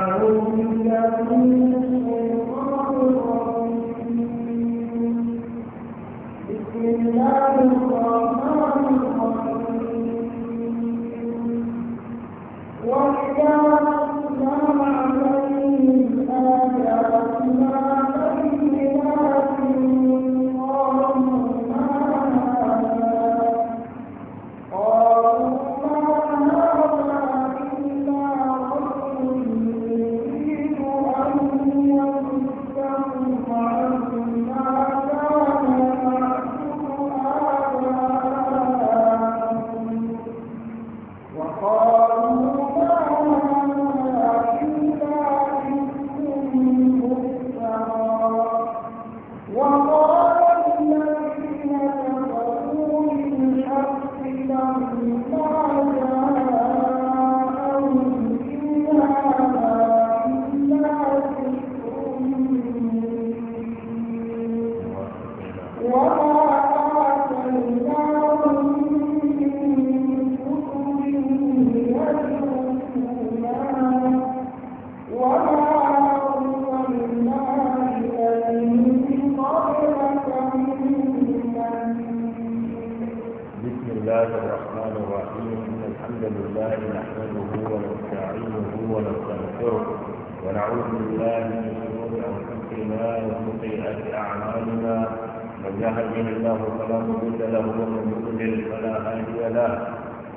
I will be there for you.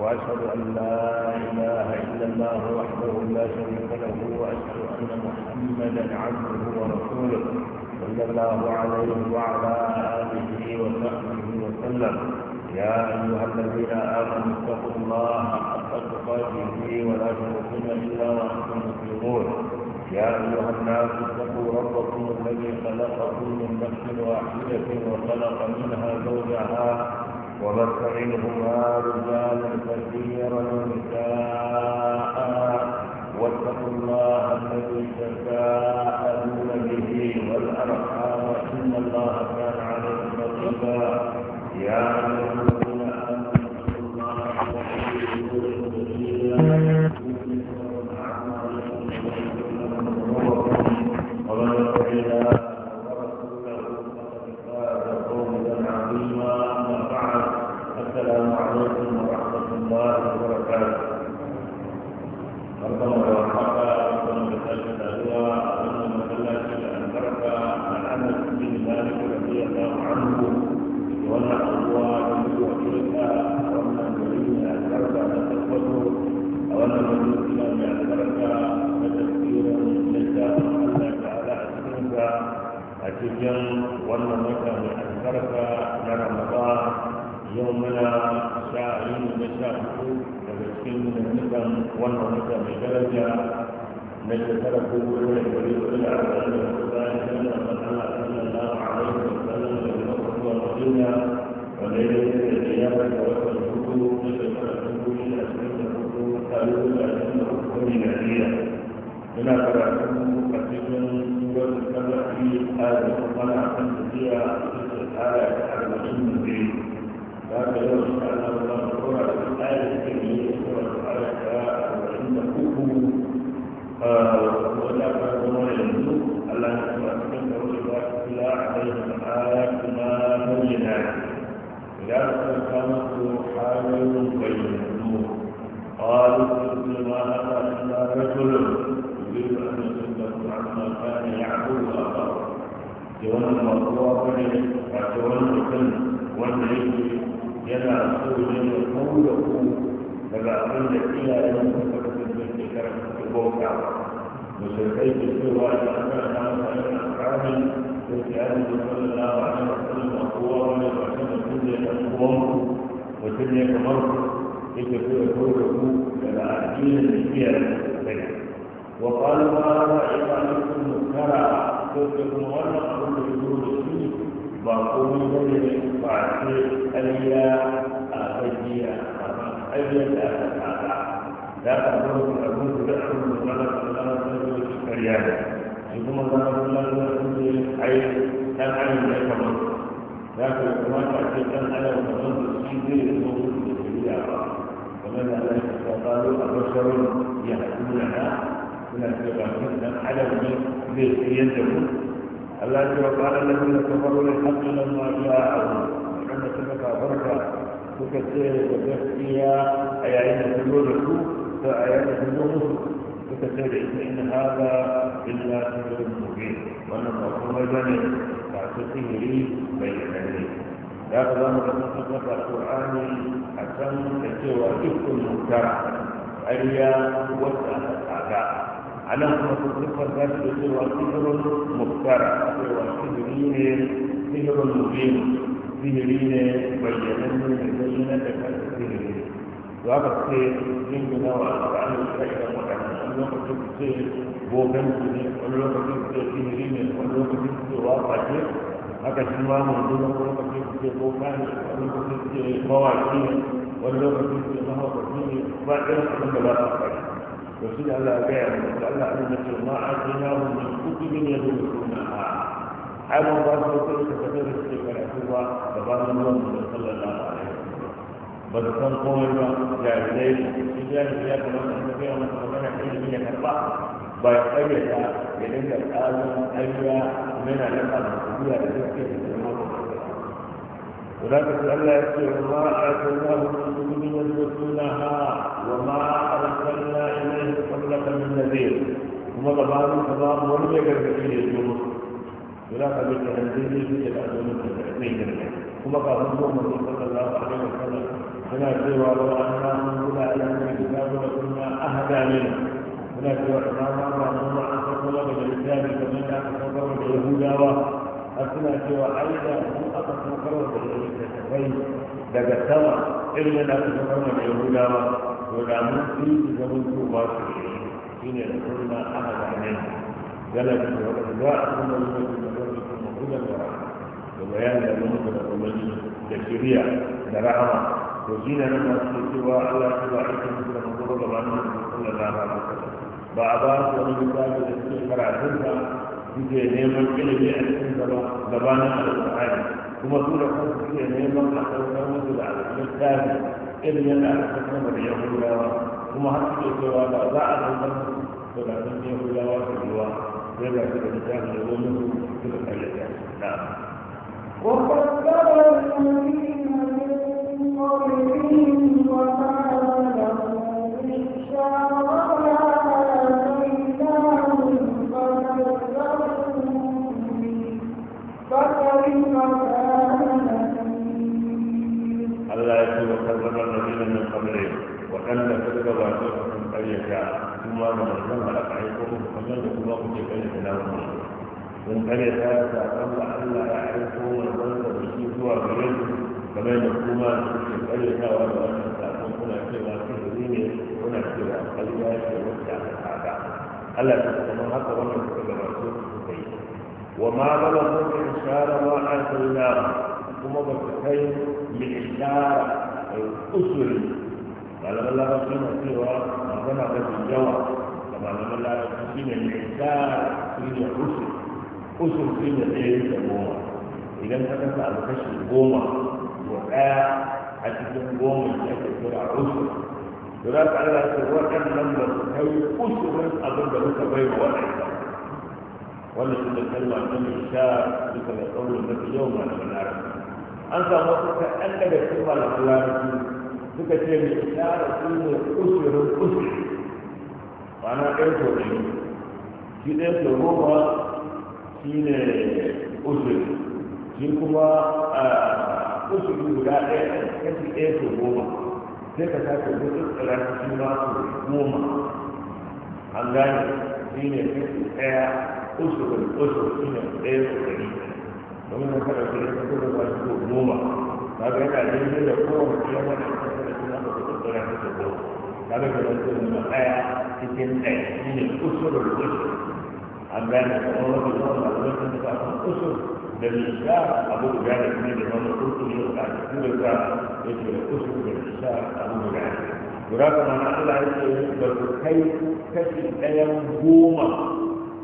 وأشهد أن لا إله إلا الله وحده لا شريك له وأشهد أن محمدا عبده ورسوله صلى الله عليه وعلى آله وصحبه وسلم يا أيها الذين آمنوا اتقوا الله حق تقاته ولا تموتن إلا وأنتم مسلمون يا أيها الناس اتقوا ربكم الذي خلقكم من نفس واحدة وخلق منها زوجها وبث منهما رجالا كثيرا ونساء واتقوا الله الذي تساءل الميلادية هنا كراتب أتيتم سورة السبع في آية وأنا كنت فيها تلك الآية أربعين من بيت لكن لو إن شاء الله الله سورة الآية الكريمة سورة الآية أربعين تكون ولا كراتب ينزل الله سبحانه وتعالى إلى عليهم آياتنا بينات إذا كانت حاجة بين قالوا مثل ما أمر رجل يريد أن يصدكم عما كان يعبد أخاه يوانا مرضوع بني ويوانا مثل والعيد يدع سوء من يقوله لما أقول لك إلى أن تفكر في الكرم تبوكا وشركيت السوء أن أكون أنا أفعال في أن صلى الله عليه وسلم أقوى من وسلم كل يقوم وكل يتمر يتفكر كله لما أكيد الكرم وقال تعالى إقامتكم مكرا تذكرون وأن أقول بدون السنين باقوم بذلك فأعطي أليا أهدي أهدي لا تقول أقول بدعم المكرا فلا تقولوا الكريان ثم قال الله تعالى أي كان عن الكبر لكن كما تعطي كان على المغرب السنين الموجود في الدنيا فماذا لا يستطيع أبشر يحكمونها suna cewa ba su dan adam ne zai tsayar da mu Allah ya wa qala alladhina kafaru lil haqqi lamma ja'ahu wanda suka kafarta suka ce da gaskiya a yayin da su da ku, da a yayin da su zo musu suka ce da ita in hada illa sirrun mubin wannan ba kuma bane ba su sihiri bai da ne ya ga za mu ga sun tabbata Qur'ani a kan da cewa ikon mutar ariya wata Ana nan kuma sun siffar za su cewa sihirin muftara cewa sihiri ne sihirin mubin sihiri ne bayyanan ne da bayyana da kansa sihiri ne za ce yin gina wa alƙa'ani da idan waɗannan wani lokacin su ce bogan su ne wani lokacin su ce sihiri ne wani lokacin su ce wafa ce haka shi ma mun duna wani lokacin su ce ne wani lokacin su ce mawaki ne wani lokacin su ce mahaukaci ne ba abin da ba su da su da Allah gaya da su Allah ne na ce ma a cikin yawon da su kuɗi ne ne da su na ha ai ma ba su kai su kaɗe da suke karatu ba da ba su nuna da sallallahu alaihi wasallam ba su san komai ba jarirai da su shi jari ya kuma da su kai wani kuma kana kai da ya ba ya ƙayyata ya dinga ƙarin ayyuka mai na nan da su biya da su ke da su ولا تسأل ما آتيناه من يدرسونها وما أرسلنا إليه قبلك من نذير ثم ضبابي فضاب ولم يقدر فيه يجوز ولا قبل تنزيله في الأدوان التنزيل ثم قال الله صلى الله عليه وسلم فلا سوى لو أنا من أولى إلى من الكتاب لكنا أهدى منه ولا سوى إمام الله أنزل الكتاب فمن أتصور اليهود أثناء سوى أيضا أقص مقرر بالتسرين لقد إلا لا تتكلم يهودا ولا ممكن تزمن توبات حين يدخلنا أحد عليه جلد الوقت من المسجد مقبولا ورحمة وبيان لمنزل الأمي تشريع لرحمة وجينا لما سوى على سوى مثل مقرر وأنه صلى الله بعضها ومن كتاب الاسم فرع suke neman ilimi a cikin gabanin alƙur'ani kuma su da kansu suke neman a saukar musu da alƙur'ani ilimin da aka saukar da yahudawa kuma har suke cewa ba za a saukar musu da sun yahudawa su ruwa sai ga su da littafi da zo musu su da kallata na وقد كفر الذين من قبلهم gabatar da kan karyata kuma da manzon Allah a aiko muku kamar da kuma kuke karyata na wani mun karyata da Allah Allah ya aiko manzon da shi zuwa gare ku kamar da kuma kuke karyatawa da wannan sakon kuna cewa sirri ne kuna cewa ƙarya ce wacce aka kada Allah ya kuma haka wannan suka gabatar da kuka yi وما بلغوا إنشار ما آتيناه ثم بتكين لإنشار الأسر malaman larabci na cewa magana ba su yawa da malaman larabci shi ne mai tsara shi ne usul usul shi ne ɗaya da goma idan ka kasa abu kashi goma to ɗaya a cikin goma shi ake kira usul Dura ka Allah ce waɗannan ba su kai usulun abin da muka bai wa waɗanda wanda shi da kalma ta mai sha duka da tsaurin mafi yau malaman larabci an samu wasu kaɗan daga cikin malaman larabci suka ce mai ishara su ne usurin usur kwana ɗan sauri ɗari shi ɗan sau ba shi ne usur shi kuma a usuri guda ɗaya kashi ɗan sau ba sai ka sa sake wasu tsirar shi ma sau goma an gane shi ne kashi ɗaya usurin usur shi ne ɗaya sauri ɗari domin kada su yi kasu da wasu goma ba ga yana da kowane kilomita kada ka rantsa da ɗaya cikin ɗaya shi ne kusurin kusur an gane kamar wani zama da wani da kan kusur da nisha abu da gane kuma da wani kusur da kan kusur da ya ce kusur da nisha abu da gane guda kuma na Allah ya ce da ku kai kashi ɗayan goma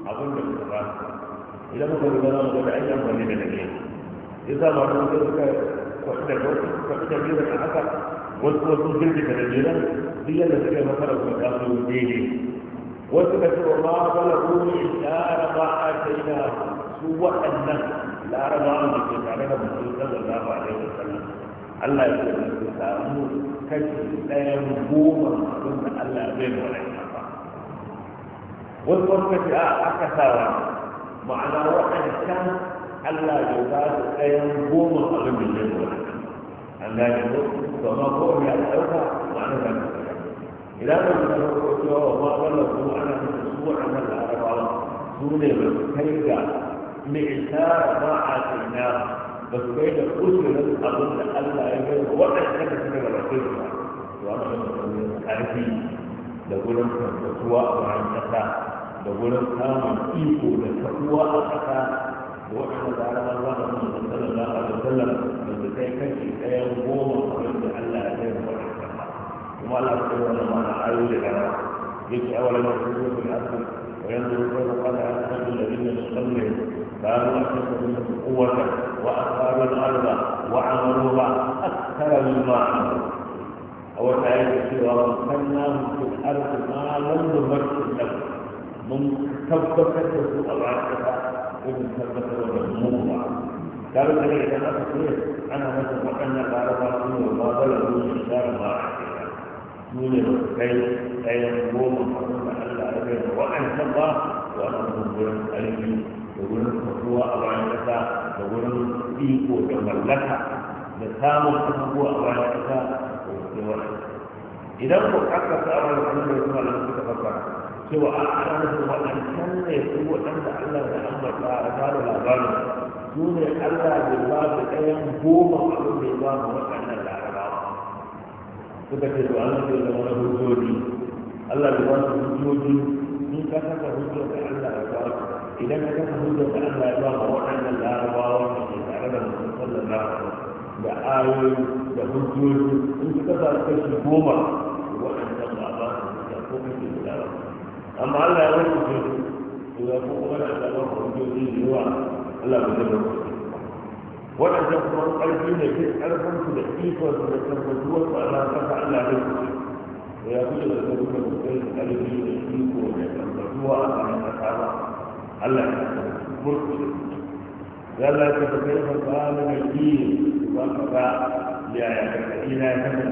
abin da kuka ba idan muka zuba na muka da an yi da nake yasa ba wani suka kwaɗi da kwaɗi da kwaɗi da haka wasu wasu sun fita da jiran duk yadda suka masara su ka su daidai wasu ka ce wa ma bala rumi laraba a shaida su waɗannan laraba da ke tare da mutum sallallahu alaihi wa sallam Allah ya ce su samu kashi ɗayan goma abin da Allah zai mora ya ba wasu wasu ka ce a aka sawa ma'ana waɗancan Allah ya ba su ɗayan goma abin da zai mora أن لا يكون فما هو من الأوفى وأنا لم إذا لم يكن الله ولا هو أنا في الأسبوع أنا لا أرى سورة كيف مئسار ما عاتلناه بس بين الأسر أظن ألا يجب ولا يحتاج إلى الأسرة وأنا أعرفين da wurin tabbatuwa a ƙasa da wurin samun iko da tabuwa a ƙasa وأن على الله محمد صلى الله عليه وسلم من تكفي سيقوم ويرد ألا أتيه وما لا تقول ما أنا عايز أنا جئت أولا مرة في الأرض وينظر كيف قال أصحاب الذين من قبلهم كانوا أشد منهم قوة وأصحاب الأرض وعملوها أكثر مما عملوا أو تعالى في ومكناهم في الأرض ما لم نمكن لهم من كبكة الأرض irin tabbatar da ba kaga kare idan aka ce ana masa waɗannan ƙarfa su ne ba ba da su ne shara ba a su ne ba kai ɗayan goma abin da Allah ya kai da waɗancan ba to ana masa wurin ƙarfi da wurin kasuwa a bayan ƙasa da wurin iko da mallaka da samun abubuwa a bayan ƙasa da wasu idan ku aka samu da kuma da suka fassara cewa a ana nufin waɗancan ne su waɗanda Allah da ambata a gano labarin su ne Allah bai ba su ɗayan goma abin da ya ba mu waɗannan larabawa suka ce to Allah bai zama na hujjoji Allah bai ba su hujjoji in ka saka hujjar da Allah ya ba su idan ka saka hujjar da Allah ya ba mu waɗannan larabawa da ke tare da mutum sallallahu alaihi da ayoyi da hujjoji in suka sa kashi goma waɗannan ba ba su da kuma ke da larabawa amma Allah ya wani mutum to ya ko kuma da Allah ko mutum ne yawa Allah ba zai ba waɗannan kuma ƙarfi ne duk ƙarfin su da ikon su da tabbatuwar su ana saka Allah ne to ya kuma da tabbatuwar su kai da ƙarfi da iko da tabbatuwa a kan ƙasa ba Allah ya tabbatuwar قال فكيف قال مكين وقع لآياتك إلى ثمن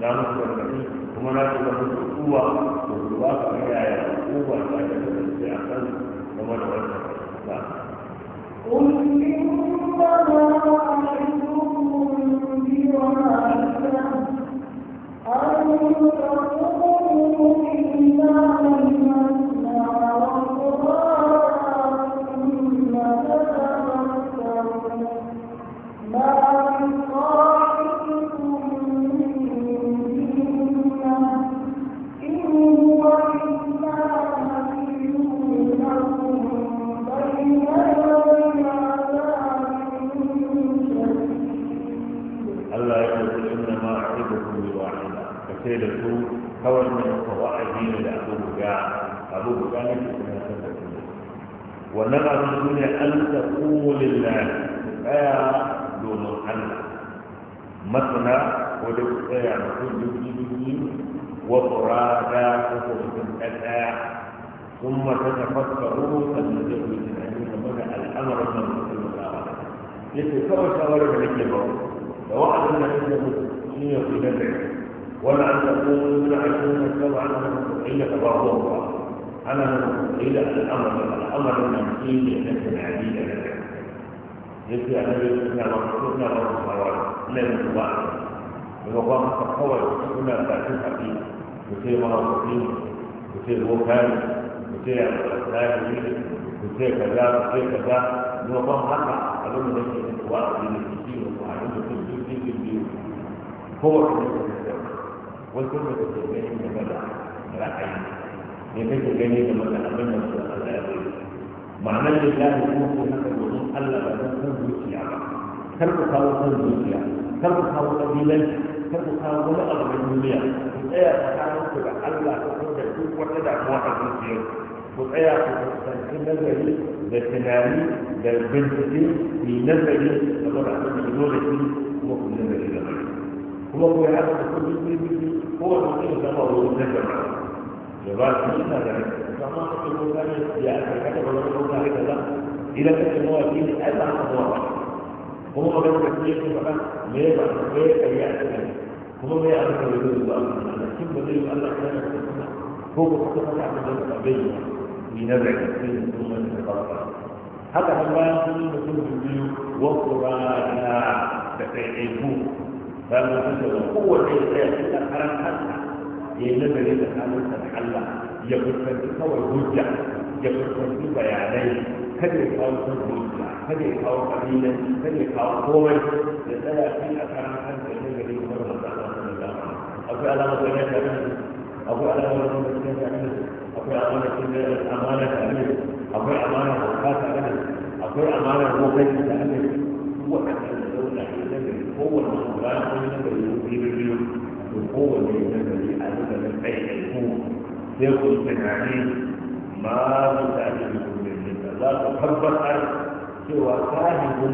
لا مصدر مكين kuma na ta zama da kuwa da ruwa ka yaya kuwa ta ta kasance a kan game da wannan ba قل إنما أعظكم بواحدة أن ونبع abin الدنيا أن an لله آه، دون lillahi tsaya domin allah masana ko da ku tsaya mutum ثم تتفكروا أن تكون الأمين بدأ الأمر من المسلم الآخر لكي شوارع الكبر سواء أن من شيء في نفسه ولا أن تكونوا من عشرين سبعا من المسلمين بعضهم الله أنا إلى الأمر الأمر الممكن لأنك عديدة لك يجب أن يكون وقتنا وقتنا لم يوقع الوقت تحول هنا فاتن حقيقي يصير مرضين يصير وكان يصير أسلام يصير كذا يصير كذا الوقت حقا أظن أنك الوقت للمسكين وعلمه كل شيء في هو الكل والكل تتبعين مدى رأينا ne kake gani da maka abin da su Allah ya yi ma'anar lillahi kuma ko haka domin Allah ba zan san zuciya ba kar ku kawo san zuciya kar ku kawo kabilanci kar ku kawo wani abu na duniya ku tsaya tsakanin ku da Allah ku kuma da duk wata damuwa a zuciyar ku tsaya ku kusanci nazari da tunani da bincike ku yi nazari da wani abin da zo da shi kuma ku nazari da mai kuma ku yi haka da kuma duk ko wani mutum zama wurin nazari لبعض الناس كما تقول كان يعتقد ولا يقول هكذا إذا كان هو دين أتى هو هو ما بين كثير فقط ليه ليه يعتقد هو ما يعتقد بدون الله لكن بدون الله كان هو فقط يعتقد بالبيت لنبع كثير ثم يتطرق هذا هو مثل البيو وقرانا تتعبون فما تنسوا قوة الإنسان إلى حرام حتى ya yi nazari da halin da Allah ya fuskanci kawai hujja ya fuskanci bayanai kada ya kawo son hujja kada ya kawo kabilan kada ya kawo komai da tsaya fi a kan hankali da gari kuma da matsala da dama akwai alamar da ya tare akwai alamar da ya tare akwai alamar da ya amana tare akwai amana da ka tare akwai amana da kai tare waɗannan da zauna da gari kowanne هو اللي الذي علم من حيث يكون يقول ابن عميد ما تعلمكم من جنة لا تخبر أرض سوى كاهب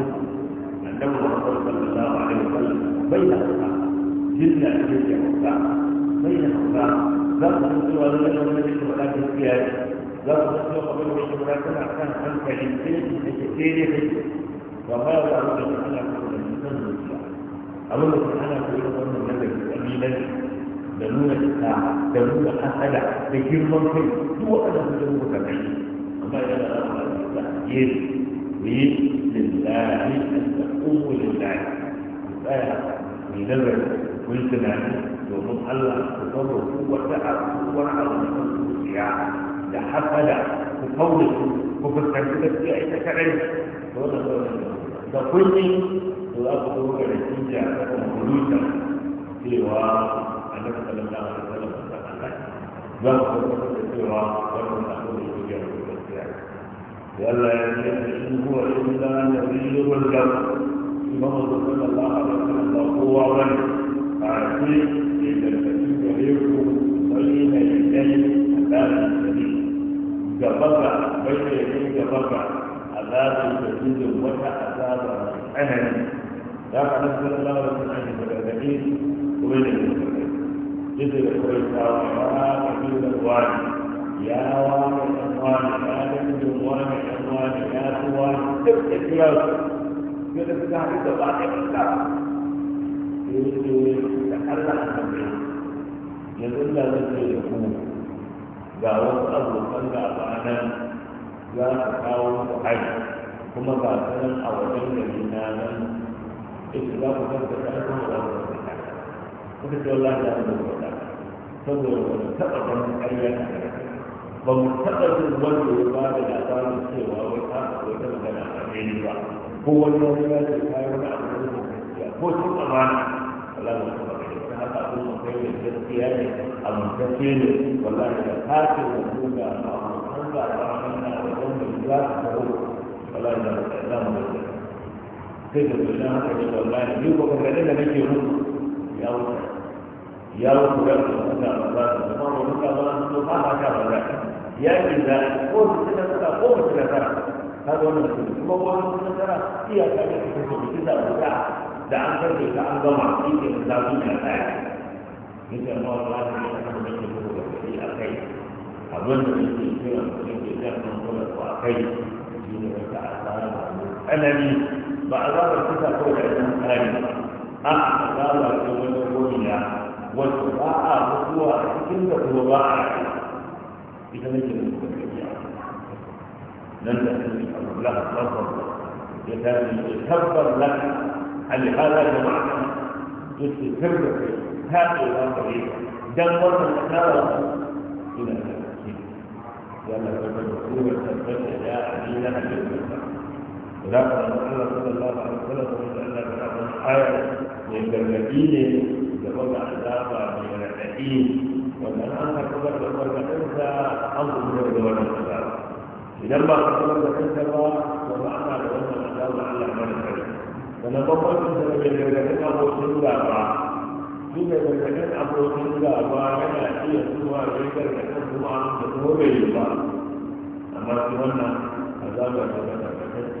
عندما رسول صلى الله عليه وسلم بين أصحاب جنة جنة وكاهب بين أصحاب لا تخبروا على الله من جنة ولا تخبروا لا تخبروا قبل وشهر ولا تنعكم عن كلمتين في كثيرهم وما يعلم أن الله يقول الإنسان من الله أقول لك أنا في أمر النبي أبي نبي دلونا الساعة دلونا حسدع بكير منهم هو أنا في جنوب تبعي أما إذا أنا أرى التحجير لله أن تقوم لله فأنا في نبي قلت نبي ومن الله تطور هو تعب هو عظم الزياعة لحسدع وفوضه وفي الحديثة في عيشة كعيشة فأنا أقول لك to za su zo ga da kinja ta kuma cewa annabi sallallahu alaihi wasallam ta Allah za su zo da cewa wannan na so da kinja da gaskiya ya Allah ya ce in huwa illa nabiyul lahu imam sallallahu alaihi wasallam kowa wani a ce da kanki gare ku sai ne da kai da da gabaka bai da yake gabaka azabin da wata azaba mai tsanani يا بعد صلى الله عليه وسلم فكذبين ومن المسلمين جزء كويس كثير الوالد يا والد الوالد يا بنت الوالد الوالد يا الوالد تبقى الثياب كده في تعريف بعد الاسلام يتحلى عن الدين يدل على الحكومه ga wasu abokan gaba nan za su kawo su haji kuma ga sanin a wajen gari na nan إذا لا تفكر أنه لا تفكر فقلت والله لا أفكر فقلت مرتقبا أيها ومرتقب الولد يقال الأعطان السوى والحق وتبقى الأخرين هو الذي لا يتكلم عن هو سوء أمانة ولا مرتقب هذا أقول مكين الجزئية المتكين والله إذا حاكم وجود الله وحمد على رحمنا وجود الله ولا مرتقب sai da su shan haka da wallahi ni ko kan da nake yi ya wuce ya wuce da su da ba su kuma mu ka ba su ba ba ka ba ya ki da ko su da ka ko su da ka haka wannan su kuma ko su da ka iya ka da su su da ka da an karbe ka an gama shi ke da su da ka ni da ma wallahi ne kan da ke da shi akai abin da yake cewa mutum ke da kan kula ko akai shi ne ka asara da tsanani ba azabar kisa kawai da ɗan tsari a azaba ce wani goriya wacce ba a mutuwa a cikin da kuma ba a ita nake da mutum gajiya nan da sun yi abu lafa tsarfar ya tafi ya tabbar lafa alhala da ma'a ya ce tabbar ta ce za ka yi dan wannan tsara ina da ke yana da kuma tsoron tabbatar da ya a ne na halittar da ka da Allah sallallahu alaihi wasallam wanda Allah ya kawo aya ne gargadi ne da wanda azaba ne radadi wanda an ka kuma da wanda kansa an kuma da wanda azaba idan ba ka kuma da kansa ba to ba ana da wanda azaba Allah ya kawo wanda babban da ne gargadin abokin gaba shi ne gargadin abokin gaba yana iya zuwa da gargadin kuma da kuma bai ba amma shi wannan azaba ta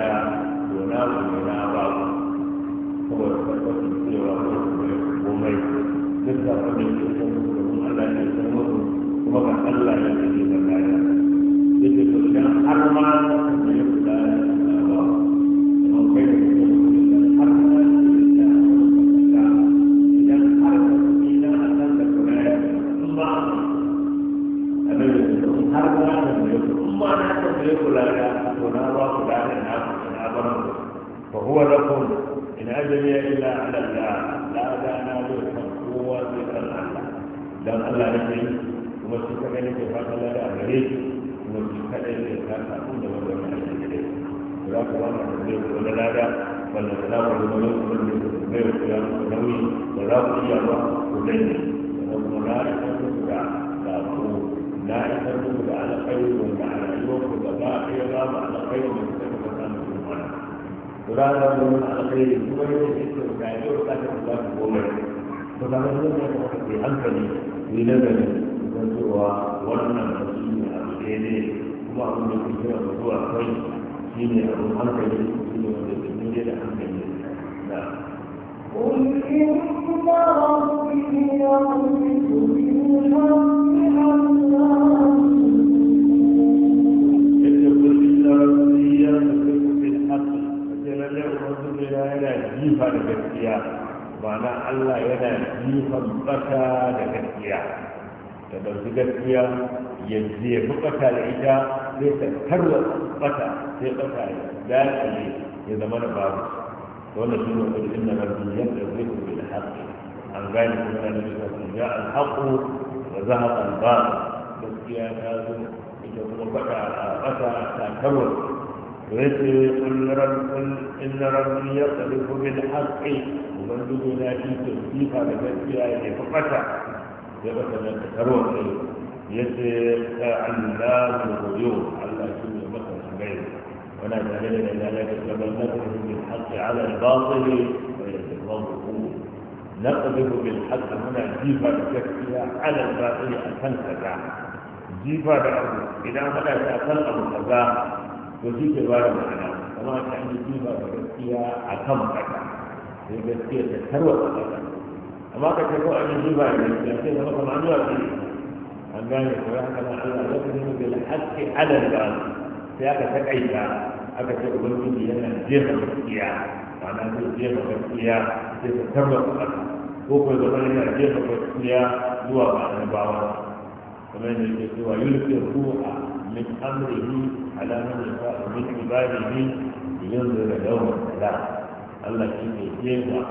ta'ala dona ku na ba ku kuma tabbatar cewa ku komai duk da kuma ke san ku kuma Allah ne san ku kuma ga Allah ne ke da kaya yake to idan har ma ne ku da ba kuma kai ne ku har ma har ma ne ku la فهو لكم إن أجلي إلا على الله لا دانا بالقوة إلا الله دان الله يجري kuma shi kaɗa ne ke fata shi kuma shi ne ke fata kun da wanda wani ake gare shi za ku wani da zai ku wani lada wanda za ku wani wani da zai ku ya ku nauyi da za ba ku danne da da da ku na isar muku da alaƙai a rayuwarku gaba ɗaya za ranar wani alkhairi a yau da ke da yau da ta ba ku goma to da wannan shi ne alkhairi kuma abin zuwa kai shi ne abin hankali shi قل إن الله يغفر لكم jifa da gaskiya ma'ana Allah yana jifan baka da gaskiya da ɗauki gaskiya ya jefi baka da ita sai ta karwa baka sai baka ya dace ya zama da babu wannan shi ne kudi inda rabbi yadda zai kuma da haƙƙi an gane kuma da shi ya alhaƙu da zahaɓar ba gaskiya ta zo ita kuma baka a baka ta karwa قل رب إن ربي يقذف بالحق ناجي في تصديقها لبسها يعني فقط يبقى لك ثروة يتعلم الغيوب على سنة مثلا غيره ولا دليل إلى ذلك فبلغناهم بالحق على الباطل ويتفضلون نقذف بالحق هنا جيفة تكفيها على الباطل أن تنتزع جيفة إذا مدى تأكل أبو to shi ke ba da ma'ana kuma ta yi diba da gaskiya a kan baka sai gaskiya ta tarwata baka amma ka ce ko an yi diba da gaskiya sai zama kamar an yi wasu an gane ko ya haka na Allah ya fi nuna bil haske alal ba sai aka taƙaita aka ce ubangiji yana jefa gaskiya ma'ana zai jefa gaskiya sai ta tarwata baka ko ko zama yana jefa gaskiya zuwa ba annabawa kamar yadda yake cewa yulkin ruha من أمره على من يشاء من عباده لينذر يوم السلام الله شيء يجيبه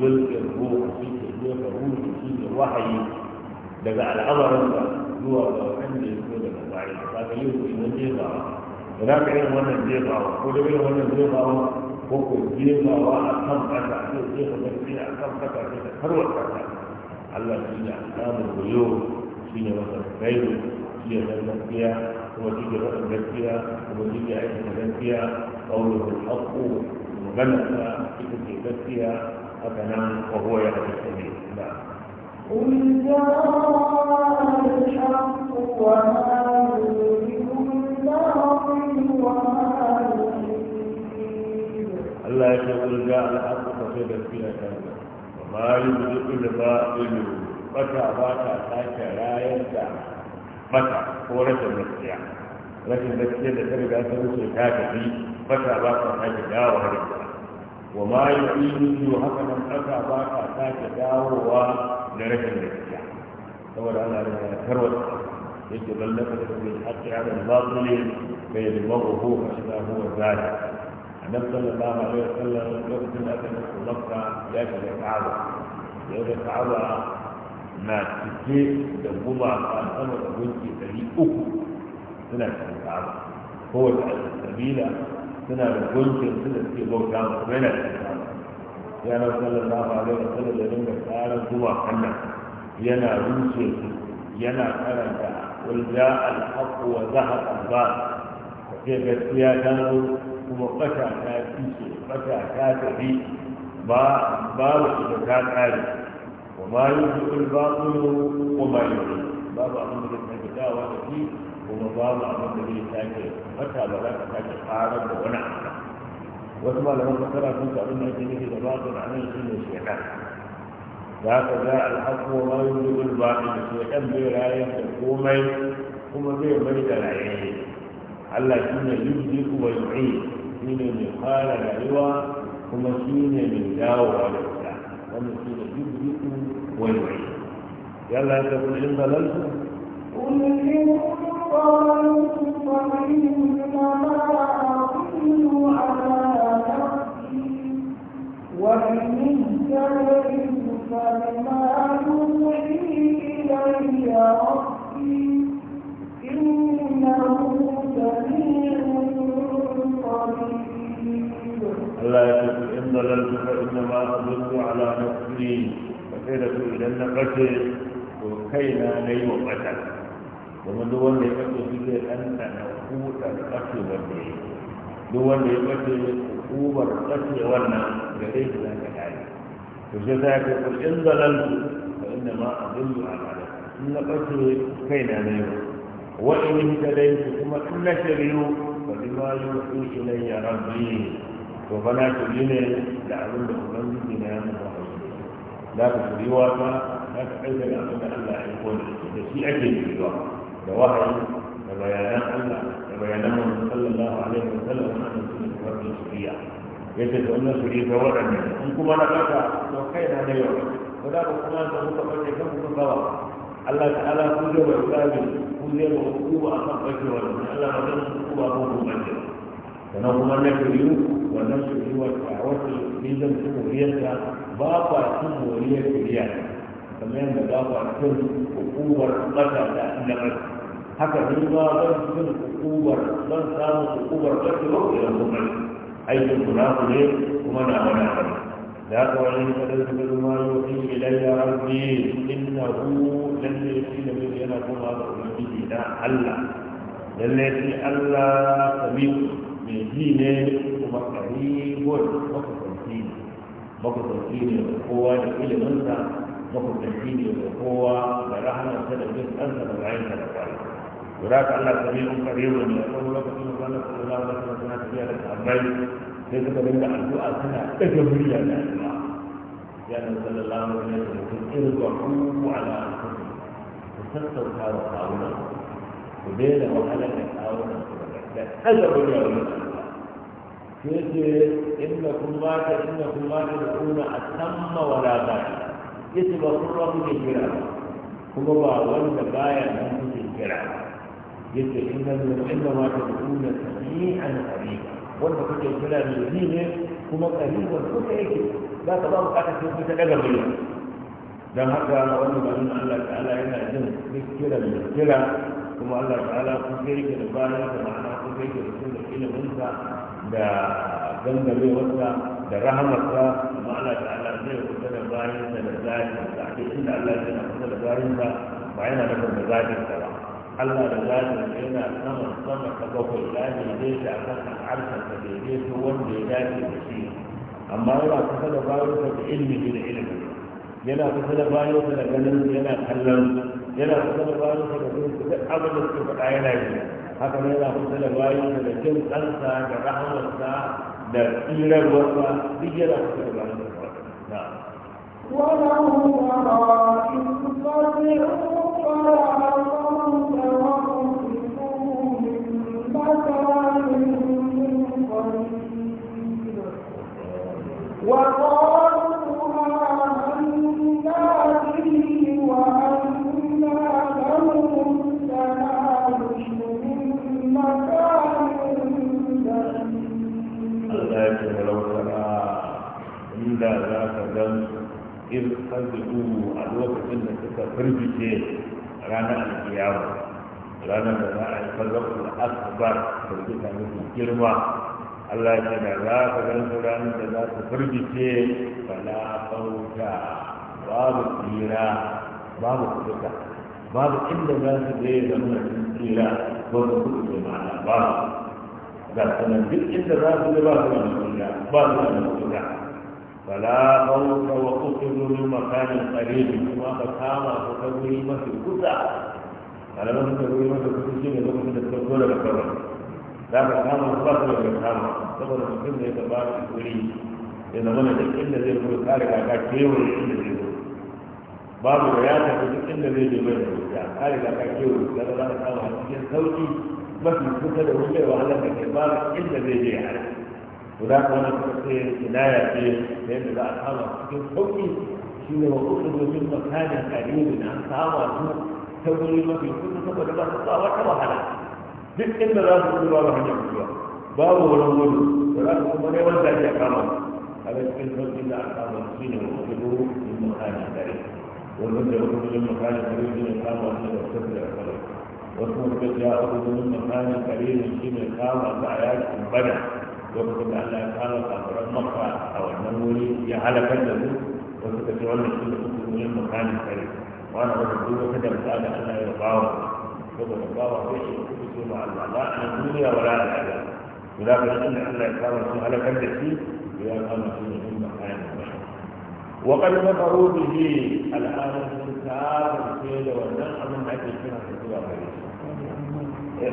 يلقي الروح شيء يجيبه روح شيء وحي دفع الأمر هو عند يكون المعين هذا يلقي من جيبه هناك عين وانا جيبه كل عين وانا جيبه koko jefawa وانا كم kasa ko jefa barci a kan kasa ko da karwar kasa Allah shi ne alamun goyo shi وما تيجي الرأي من فيها وما تيجي عيد من فيها قوله الحق مغنفة في كل فيها أبنى وهو يغفر يعني السبيل لا نعم. قل جاء الحق وما الله يقول جاء الحق فصيدا فيها كذا وما يدرك الباطل فتعباك تاك رايتك fata ko rashin gaskiya rashin gaskiya da ta riga ta wuce ta tafi fata ba ta sake dawo har da wa ma yu'minu haka nan fata ba ta sake dawowa da rashin gaskiya saboda Allah ya tarwata yake ballaka da bil haqqi ala al-batil fa yadmaghuhu fa idha huwa zalik annabi sallallahu alaihi wasallam lokacin da aka nufi makka ya shiga ka'aba ya shiga ka'aba na cike da guba a sama da gunki ɗari uku suna cikin ka'aba kowace alƙabila suna da gunkin su da suke bauta masu yana cikin ka'aba ya na sallallahu alaihi wa sallam da dinga tsara zuwa kannan yana rushe su yana karanta wal ja'a al-haqq wa zahaqa al-batil sai gaskiya ta zo kuma ƙasa ta fice ƙasa ta tafi ba ba ta ta ƙare وما يبدو الباطل وما يبدو باب عمد الذي تجدا وتجي وما باب عمد الذي تجدا فتا بلا تجد حارب ونعم وما لما ذكر كنت أن الجنيه لباط عن الجن الشيطان ذاك جاء الحق وما يبدو الباطل الشيطان بلا يبدو وما ثم بيه ملك العين على كنا يبدو ويعين كنا يقال لعوى ثم كنا من داوى ومن كنا يبدو ويعين يلا انت تقول ان ضللتم قل ان ضللت فانما اقل على نفسي وان اهتديت فبما يوحي الي ربي انه سميع قريب لا يقول ان ضللت فانما اضل على نفسي sai da su idan na ɓace to kai na yi wa ɓata domin duk wanda ya ɓace su zai ɗanɗana kuɗa ɓace wanda ya yi duk wanda ya ɓace kubar ɓace wannan gare shi za ka kare to sai ka ce ko in zalantu fa inda ma a dillu a kare in na ɓace kai na yi wa in yi ta dai kuma in na shiryu fa bima yuhu ilayya rabbi to bana na shiryu ne da abin da ubangiji na ya mutu za ka shiriwa ta za ka aika da abin da Allah ya aiko da shi ake shiriwa da wahayi da bayanan Allah da bayanan manzon sallallahu alaihi wa sallam wannan su ne wannan shiriya yace da wannan shiriya ta waɗanda in kuma na kasa to kai na da yau ko da kuma da muka bace kan ku bawa Allah ta'ala ku da wa islami ku da wa hukuma akan bacewa Allah ba zai hukuma ko ku bacewa sannan kuma na shiriyu wannan shiriyar ta wata bizan ta muriyarta ba kwa cin moriyar kuriya kamar yadda ba kwa cin hukumar mata da annabar haka ne ba zan cin hukumar zan samu hukumar kacce ba ku yanzu mai aikin kuna ku ne kuma na wani abu da haka wani kadar da zuma yau in ilayya rabbi innahu lalle shi da mai yana kuma ga ubangiji na Allah lallai shi Allah sami mai ji ne kuma ƙari karibun makusanci ne ga kowa da iliminsa makusanci ne ga kowa da rahamarsa da duk ɗansa da bayansa da kwari guda ka Allah ta biyu karewa ne a tsawon lokacin da wannan sallallahu alaihi wasallam suna tafiya da sahabbai sai suka dinga addu'a suna ɗaga murya da addu'a ya nan sallallahu alaihi wasallam kun irga ku ala anfusikum ku sassauta wa kawunan ku daina wahalar da kawunan ku da ɗaga murya da addu'a كيف إنكم ما إنكم ما تدعون أتم ولا غاية يجب أقرب الجلال الجرام الله باول بقايا من الجرام يجي إنما إنما تدعون سميعا قريبا وأنت كنت الجرام يزينه كما قريبا كنت يجي لا تضعوا أتك في تدعى غيره dan haka wani bayan Allah ta'ala yana jin duk kira da kira kuma Allah ta'ala kun kai ke da bayan da ma'ana kun kai ke da sun da ilimin da gangare wata da rahamarsa amma Allah ta Allah zai kusa da bayan da zatin sa a duk inda Allah yana kusa da bayan sa ba yana nufin da zatin sa ba Allah da zatin sa yana sama sama ta bakwai ya daidaita a kan al'arsar ta daidaita wanda ya dace da shi amma yana kusa da bayan sa da ilimi da ilimi yana kusa da bayan sa da ganin yana kallon yana kusa da bayan sa da ganin duk abin da suka faɗa yana yi haka ne yana kusa da bayan da jin kansa da rahamarsa da Wata duk yana kusa da bayan da na ولو ترى إذ فزعوا فلا صمت وقفتهم مكان قريب وقالوا farjiku a lokacin da suka firgice ranar alkiyama ranar da za a yi farzaku da akbar firgita mafi girma Allah ya da za ka gan su ranar da za su firgice bala kauta babu tsira babu kuduka babu inda za su je zama da tsira ko su kudu da ba ga sanar duk inda za su je ba su da mutunta ba su da mutunta فلا خوف وقتلوا من مكان قريب كما فكاما فتقولي ما في كتا على ما تقولي ما في كتا شيء لو كنت تقول لك كما لا فكاما فكاما فكاما saboda mutum ne da ba shi kuri ya zama da duk inda zai zo kare kaka kewaye inda zai zo babu da ya tafi inda zai je mai da wuta kare kaka kewaye da za ka kama cikin sauki mafi kusa da wuce wahalar da ke babu inda zai je ya guda kuma suka ce kinaya ce da yadda za a kama cikin sauƙi shi ne wa kuɗin domin makanin ƙaribin na kama su ta wuri mafi kuɗi saboda ba su sa wata wahala duk inda za su gudu babu hanyar zuwa babu wurin gudu da za su kuma neman da ake kama a da cikin sauƙi da a kama shi ne wa kuɗin domin makanin ƙaribin wannan da wani domin makanin ƙaribin ne kama shi da wata da kawai wasu mutum ya wani domin makanin ƙaribin shi ne kama ba a yakin bada lokacin da Allah ya kawo kafiran makka a wannan wuri ya halakar da su wasu ka ce wannan shi da su wurin makamin kare wani wata duk wata damta da Allah ya bawa saboda bawa sai shi su ce ma Allah ba a nan duniya wala a lafiya to da ka shi Allah ya kawo su halakar da shi ya kawo su ne in makamin kare وقد نفروا به الآن الكتاب الكيل والنقع من أجل كنا في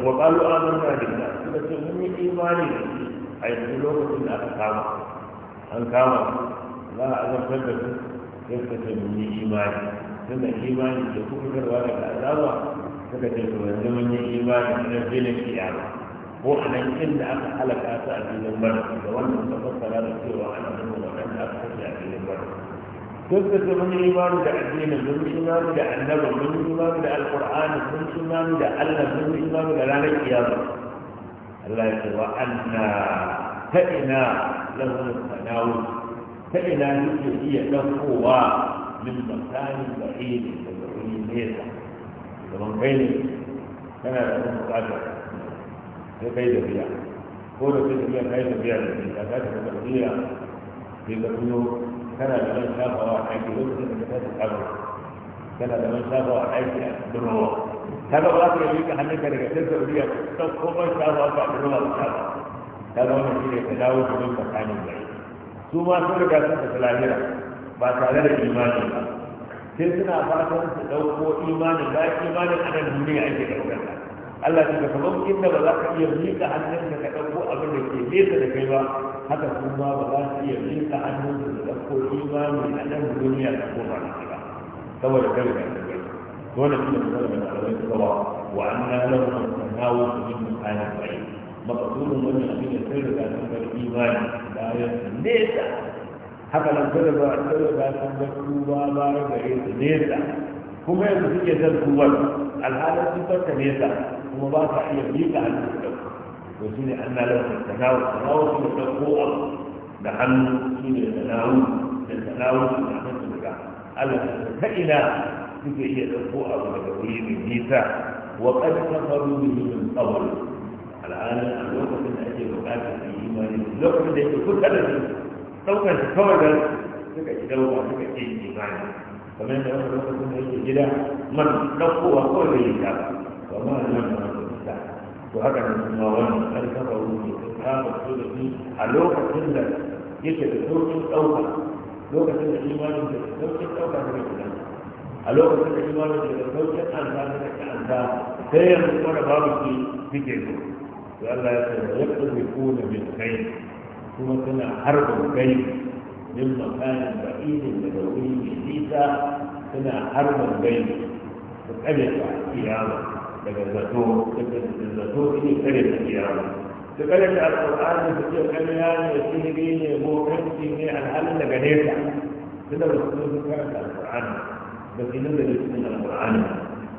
وقالوا آمنا بالله فبس هم إيمانين a yanzu lokacin da aka kama an kama za a azabtar da su sai suka ce mun yi imani tunda imani da kuɓutarwa daga azaba suka ce to yanzu mun yi imani a nan kiyama ko a nan inda aka halaka su a filin bar da wannan ta fassara da cewa ana nuna waɗanda aka kashe a filin bar duk da su mun imani da addini mun imani da annabi mun imani da alqur'ani mun imani da allah mun imani da ranar kiyama الله وأنا فإنا له التناول فإنا نجد هي دفوة من مكان بعيد تدعوني نيسا ومن بين كان لهم مقابل في كيد فيها كل كيد فيها كيد فيها التي أتاك تدعونيها في تدعونيه كان لمن شاف وحاكي من كتاب القبر كان لمن شاف وحاكي أكبر kaga ba za ka yi ka hannunka daga can saudiya ta kuma shafa ka da ruwa ka ba kaga wannan shi ne ka dawo ka bin tsakanin gari su ma sun riga sun tafi lahira ba tare da imani ba sai suna fatan su ɗauko imanin ba imanin a nan duniya ake ɗaukar Allah ta kafa mun inda ba za ka iya miƙa hannunka ka ɗauko abin da ke nesa da kai ba haka kuma ba za su iya miƙa hannunka ka ɗauko imani a nan duniya da kuma ba saboda kai da دون من السلف من على السواء وعنا له التناول من آل بعيد مقصود من أمين السلف أن الإيمان لا ليس haka nan kada ba kada ba san da tuba ba ga yake nesa kuma yanzu suke zan tuba alhalin sun farka nesa kuma ba ka iya miƙa hannu da to shi ne an lalata tanawu tanawu shi ne ɗauko abu da hannu shi ne tanawu da tanawu da hannun da Allah ta ina suke iya ɗauko abu daga wuri mai nisa wa kad kafaru bihi min qabl al'adun a lokacin da ake buƙatar su yi imani lokacin da yake kusa da su ɗaukar su kawai da suka ki ɗauka suka ke imani kamar yadda wani lokacin da yake gida man ɗaukowa kawai da yi ta ba ma nan ma ta to haka nan kuma wannan kad kafaru bihi da qabl a lokacin da yake da sauƙin ɗauka lokacin da imanin da sauƙin ɗauka da mai a lokacin da shi ma da daga sauƙin an ta da kake an ta sai yanzu kuma da babu shi suke so to Allah ya ce wa yaqdi kuna bil khayr kuma suna harba kai min makanin ba'idin daga wuri mai nisa suna harba kai su kare ta kiyama daga zato daga zato ne kare ta kiyama su kare ta alƙur'ani su ce kare ya ne sihiri ne bokanci ne alhalin daga nesa suna da su karanta alƙur'ani saba'in da da cikin alƙur'ani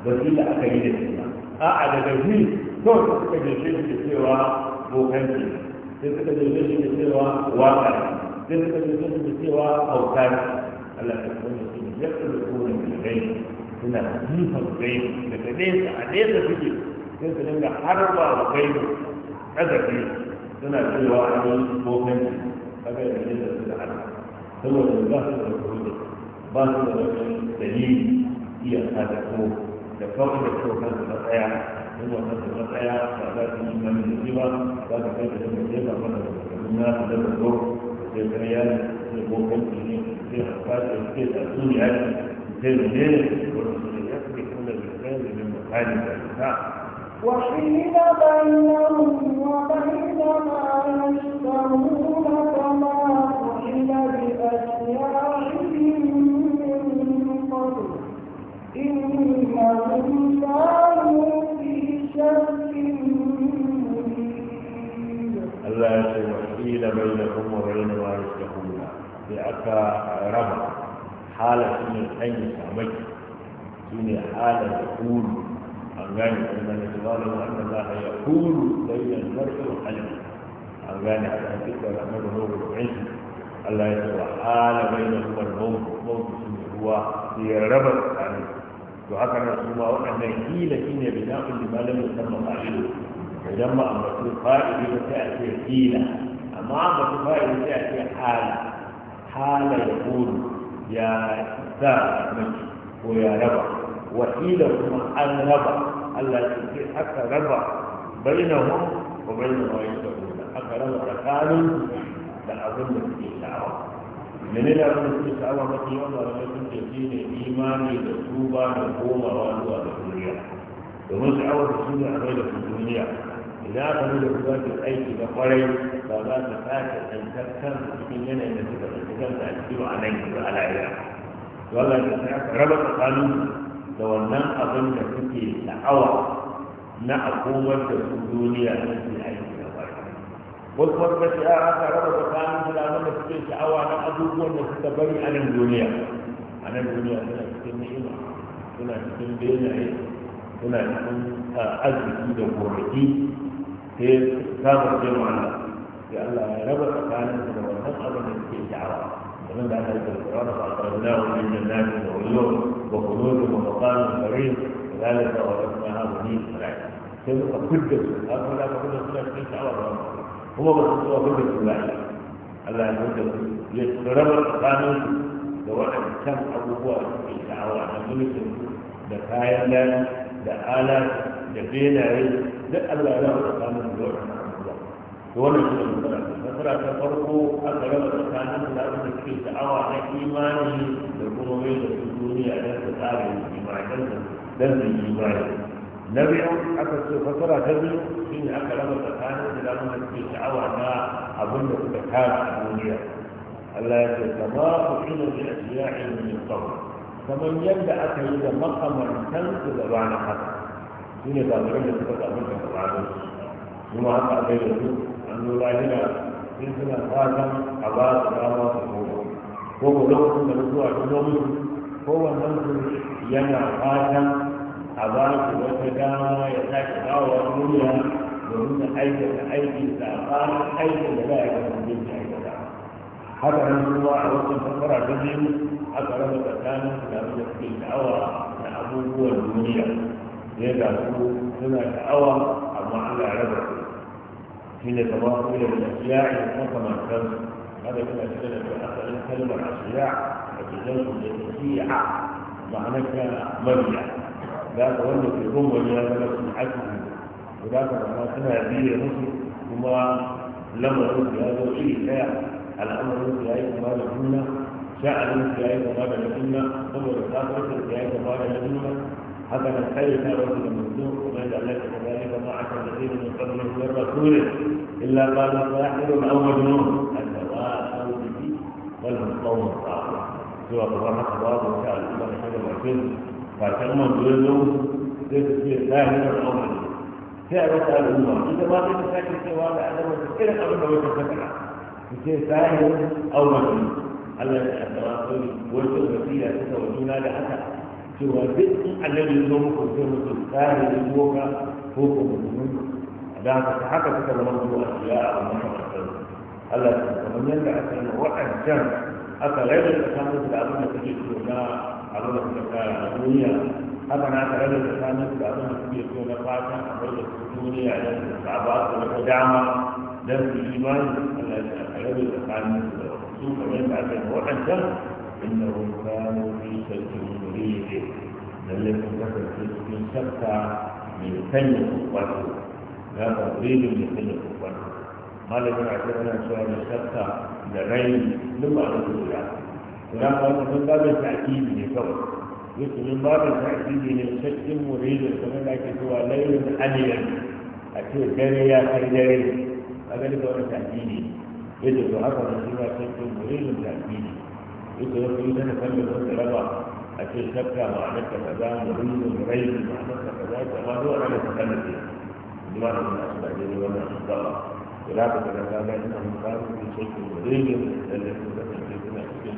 wasila aka yi da suna a'a daga hin kawai da suka jefe shi da cewa bokanci sai suka jefe shi da cewa waƙa sai suka jefe shi da cewa auta Allah ta kuma da su yadda da kuma da gai suna jifan gai daga nesa a nesa suke sai su dinga harba wa gai ƙazafi suna cewa an yi bokanci kaga da nesa su da harba saboda ba su da kuma ba su da wani dalili iya ta da ko da kawai da ko kan su matsaya in wannan su matsaya ba za su yi wani da ba za ka kai da shi mai jefa mana da na su da ko sai kuma ya ne ko kan su ne sai a fata sai ne sai da ne wani su ne ya kuma da kai da da ta وحيل بينهم وبين ما يشتهون Allah ya ce wa ƙila kuma da aka raba ne da ya ruwa raba tsakanin to haka nan su ma waɗannan kila shi ne bina kulli malamin musamman fa'ilu idan ba a mutu fa'ilu ba sai a ce kila amma a mutu fa'ilu sai a ce hala hala ya kuru ya sa miki ko ya raba wakila kuma an raba Allah ya ce aka raba bainahum wa bainahum ya aka raba tsakanin da abin da suke sha'awa mene da abin da suke sa'awa mafi yawan malamai sun ce shi ne imani da tuba da komawa zuwa da duniya domin sha'awar da shi ne a mai da su duniya idan aka nuna su za su aiki da kwarai ba za su sake tsantakar cikin yanayin da suka tsanci kanta a cikin a nan da a lahira to Allah ya sa aka raba tsakanin da wannan abin da suke sa'awa na a komar da su duniya na su aiki wasu wata ce a aka raba tsakanin filanin da suke sha'awa na abubuwan da suka bari a nan duniya a nan duniya suna cikin ni'ima suna cikin benaye suna cikin arziki da gonaki sai samun jin Allah sai Allah ya raba tsakanin da wannan abin da suke sha'awa ومن بعد ذلك القرآن فأخرجناه من جنات وعيون وخلود ومقام كريم وذلك ورثناها بني إسرائيل. كيف تقدم هذا لا تقدم في شعور kuma ba su zuwa gudu su ba Allah ya gudu ya raba tsakanin da can abubuwa da suke sha'awa na mulkin da kayan lani da ala da benaye duk Allah ya raba tsakanin da waɗannan abubuwa to wannan shi ne nasara nasara ta farko aka raba tsakanin da abin da suke sha'awa na imani da kuma mai da su duniya don su tsara imani don su imani نبي أكل فترة تبي فين أكل أمر تكان إلى أن يتعوى ما أظن تكان أمونية ألا يتسمى فحين بأشياء من الطبع فمن يبدأ أكل إذا مقام الإنسان إذا بعنا حتى فين تابعين يتبقى منك تبعاده وما أطع بيته أن الله هنا إنسنا خاتم عباد الله وفهوه هو مدوء من الوضوع هو منزل ينا خاتم a ba shi wata dama ya sake kawo wa murya domin ta aikata aiki tsakanin aikin da za a yi wani zai aikata haka nan kuma a wasu fasara ta biyu aka raba tsakanin su da da suke sha'awa na abubuwan duniya zai ga su suna sha'awa amma Allah ya raba su shi ne kama su da ashiya'i makamantar هذا كما تكلم في أصل الكلمة الأشياء التي تنقل للتشيع معنى كان مريع ذات وانا في قوم وليان نفس الحكم وذات ما كان يبيه نفسه لم يرد هذا الشيء لا على امر في ايضا ما لدينا شعر من في ايضا ما لدينا قبر الكافر من في ايضا ما لدينا حتى نتخيل كان رسول المنزوح وما يدعى لك كذلك ما عشر الذين من قبل من الرسول الا قالوا فيحمل الاول منهم الزواج او به بل هم قوم صعبه سوى تفرحت بعض وكان الامر حجم فكان من دون تسبيح ظاهرا أو مجنون تعرف الأمة إذا ما تتفكر سوى لأنه تذكر قبل ما يتفكر تسبيح ظاهرا أو مجنون الذي أتراكم وجه وسيلة تتوجهنا لحتى سوى الذئب الذي يلومك وسيلة الثاني يلومك فوق مجنون لا تتحقق ta haka suka zama zuwa shiya a wannan kasar Allah ta kamar yadda aka yi wa'ancan aka rage a raba tsakanin a duniya haka na tare da tsakanin da abin da suke so na fatan a raba su duniya don su ba su wata dama don su yi ba Allah ya a raba tsakanin su da su kamar da aka yi waɗancan inda wani kanu fi sarki wuri ne lalle sun kasance cikin shakka mai sanya kwakwalwa ya ka wuri mai sanya kwakwalwa malamin a cikin na cewa da shakka da rai duk ba da su da لا ما من باب التأكيد لكم قلت من باب التأكيد للشك مريد كما لك كتوى ليل حليا أكيد كان يا خيري هذا اللي هو التأكيد له هذا الشيء شك مريد تأكيد يجب أن يتكلم الربع أكيد شك معنى كذا مريد مريد معنى كذا كما هو أنا أتكلم فيه لماذا من أسباب ولا أخطاء ولا تتكلم أنهم كانوا في شيء مريد الذي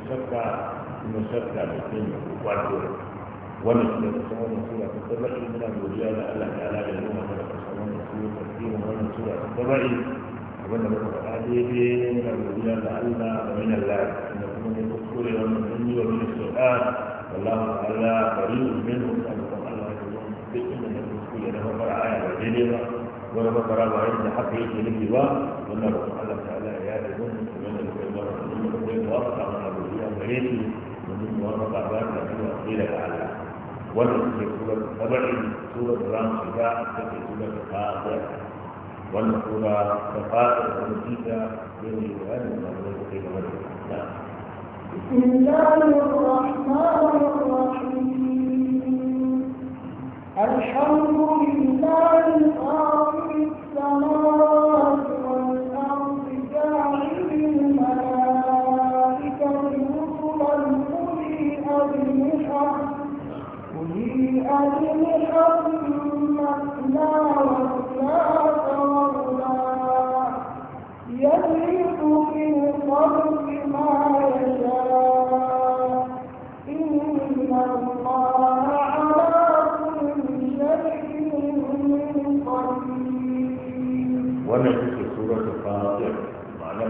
shakka kuma shakka da ke wato wannan shi da kusan wannan sura ta tabai muna godiya da Allah ta ala da nuna mana kusan wannan sura ta tabai wannan sura ta tabai abin da muka faɗa daidai muna godiya da Allah da min Allah da kuma ne kuskure wannan sun yi wa min shaitan wallahu ta'ala bari'un minhu sallallahu alaihi wa sallam duk inda ne kuskure na fara aya ba daidai ba ولا بقرا بعين الحق يجي للجوار ولا بقرا الله تعالى يا ابن من الجوار من الجوار gare su domin mu wani baba da zuwa sai daga Allah wannan su ne surar tabari surar da za mu shiga ta ke surar da fa'adar wannan sura ta fa'adar da mu jita zai yi bayanin da mu zai game da ita بسم الله الرحمن الرحيم الحمد لله خالق السماوات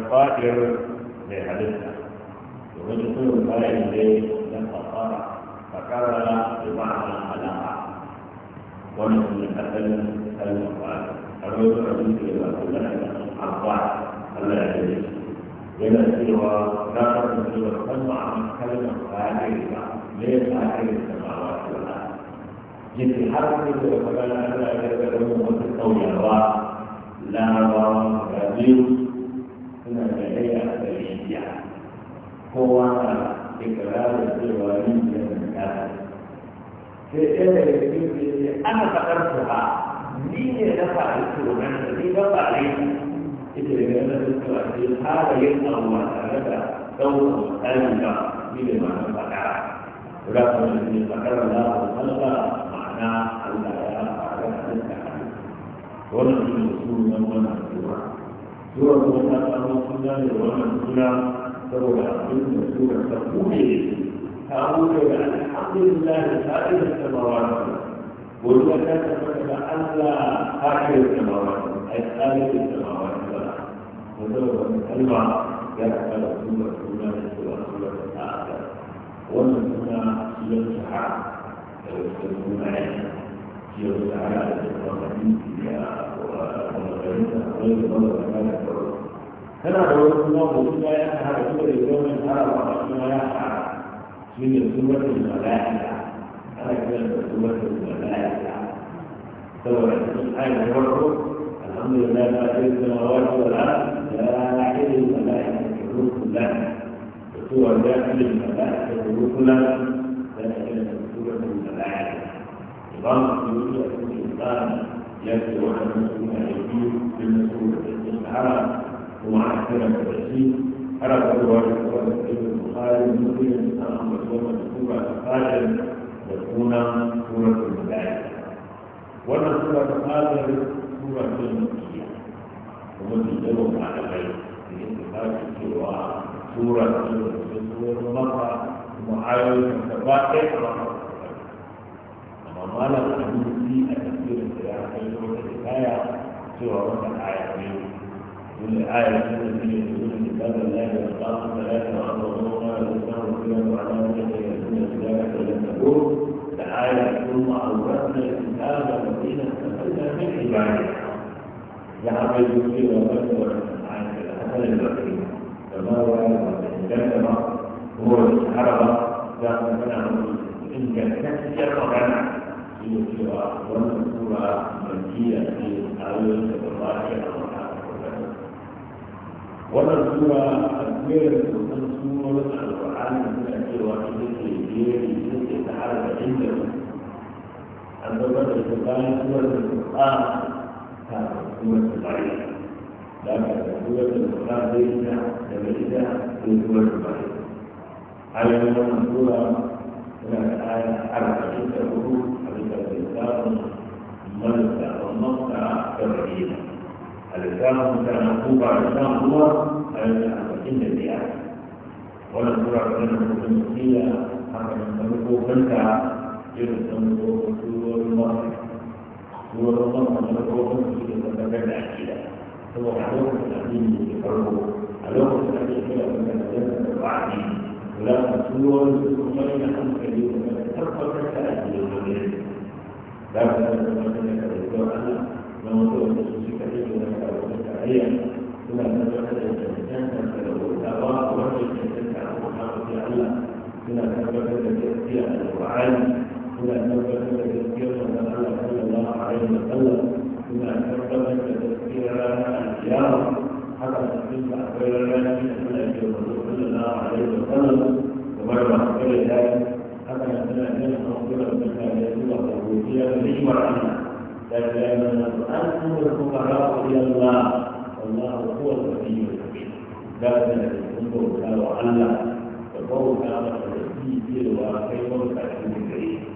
fa'ir mai halitta domin su bayan ne na fasara fakara yana cewa za ta kasance da kan ma'anar kalmar fa'ari ba me ya fa'ari da samawa ta ba yake har sai da daga magana ana ya daga mu wata kauyawa larabawa da biyu suna da yaya da rijiya kowa na ikirarin cewa rijiya da kasa sai ɗaya daga cikin rijiya ana faɗar su ha ni ne na faɗi tunan ni na faɗi الحال يسمع ما ثبت سوف مكان من معنى فكر ولكن الذي فكر الله الخلق معناه ان لا ولكن رسول الله من سورة سورة الله سورة ومن سورة سورة من سورة تقولي أقول الحمد لله فائدة السماوات والوكالة أن لا فائدة السماوات أي فائدة السماوات وسبب أن الكلمة يحصل كل سنة سوى سورة آخر ومن هنا يرجع يسلمون عليه يرجع على الإسلام وغير مرة كان كان أول الله بما يحرى سورة يوم الحرى وما يحرى من سورة الملائكة هذا كان سورة الملائكة سورة الآية الرابعة الحمد لله فاطر السماوات والارض جاعل الملائكه رسلا هو داخل الملائكه رسلا ذلك سوره الملائكه عباره السيوطي يقول الانسان ياتي واحد مسؤول ايديه بالمسؤول الحرم ومعسكر التشريف حرم الوالد ابن البخاري مسلم الانسان مسؤول سوره القاتل تكون سوره الملائكه سوره القاتل sura ce makiya kuma bi da wa malamai da ya ba su cewa sura ce makiya sura maka kuma ayoyin da ba ɗaya a maka amma malam abinci a tafiyar da ya kai wata hikaya cewa wata aya ne كل آية تنزل في نزول كتاب الله وأقام الصلاة وأمر الله وأسلم فيها وعلى ذلك يكون ذلك لم تكون تعالى ثم أورثنا الكتاب الذين العبادة يعمل في وقته حسن البصري فما هو عندما هو الحرب ذاك كان إن كانت تجربة عنه يوسف والمسورة مجيئة في تعلم الله wannan sura alkhairar sosan surorin alƙur'ani suna cewa ita ce jeri ita ce ta harba inda an zama da ta bayan surar da القرآن كانت قوة ضعيفة لكن قوة القرآن ليس لبعيدة عن قوة ضعيفة على أن السورة هناك آية على حديث الوجود حديث الإنسان ملك والمقطع كبعيدة الإنسان كان مطلوب على الإنسان هو أن الديانة ولا سورة كانت مقيمة حتى من تنبوه فلتها يرسل تنبوه سورة المرأة هو رمضان من الروح في المكان العقيدة هو علوم التعليم في الروح علوم التعليم في المكان الوعدي ولا مسؤول ومن يحمل كلمة تبقى كالتأدي والغير لا بد من أن يكون أنا موضوع الخصوصي كثير من الأولياء ثم نتحدث عن الإنسان الأوراق وجه الإنسان الأوراق في الله ثم نتحدث عن التزكية القرآن ثم نتحدث عن التزكية من الله عليه وسلم بما تقدمت تذكيرها الزيارة حتى تسلم أخيرا الناس من أجل الرسول صلى الله عليه وسلم وبعد أخير ذلك حتى نسمع منه مغفرة مما يسوع الربوبية به وعنها لكن أنتم الفقراء إلى الله والله هو الغني الحكيم ذلك انظر إلى وعلا وقول هذا الذي في الواقع والكافر الكريم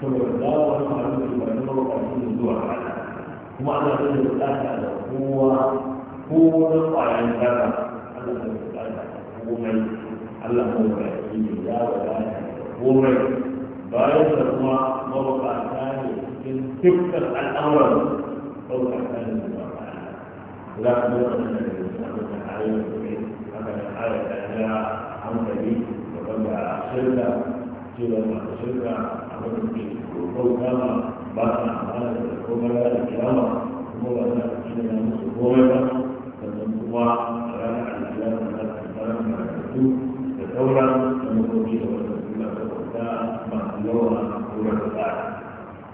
saboda gawar abin da ba zama ba su zuwa hana kuma ana da bukata da kowa ko na kwayan tara ana da bukata komai Allah mu ba shi ne ya wadata komai bayan da kuma mabukata ne cikin dukkan al'amuran mabukata ne zuwa hana za ku yi wannan da ya samu da ayyukan da aka da ayyukan da hankali da wanda shirka cewa masu shirka وقوما بعد أعمال الحكومة لا الكرامة ثم بعد أن المسلمون فتنقوا على الكلام على الكلام على الكتب كثورا المسلمين والمسلمين وقتا مخلوعا دون الفاعل